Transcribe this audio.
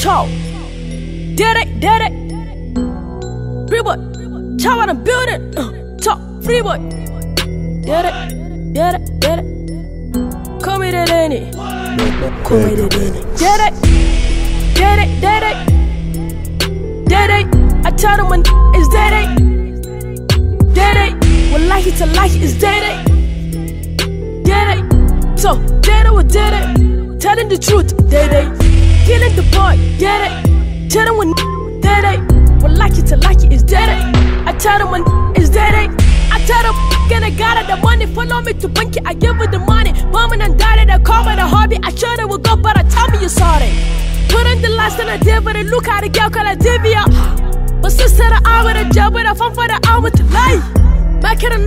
talk. Did it, did it. Free boy. Chow on the building. Uh, talk. Free boy. Did it, did it, did it. Call me the Lenny. Call me the Lenny. Did it, did it, did it. Did it. I tell them when it's dead it. Did it. When Wallahi to like it's dead it. Did it. So, did it or did it. Telling the truth, did it. Killing the get it. Tell them when dead it. Well, like it to like it is dead it. I tell them when it's dead it. I tell them gonna got the money. Follow me to bank it. I give her the money. Mom and dotted. I call it a hobby. I sure they will go, but I tell me you saw it. Put in the last thing I did, but it look how the girl called a divvy up. But sister, I with a job, but I phone for the hour to life. Back in the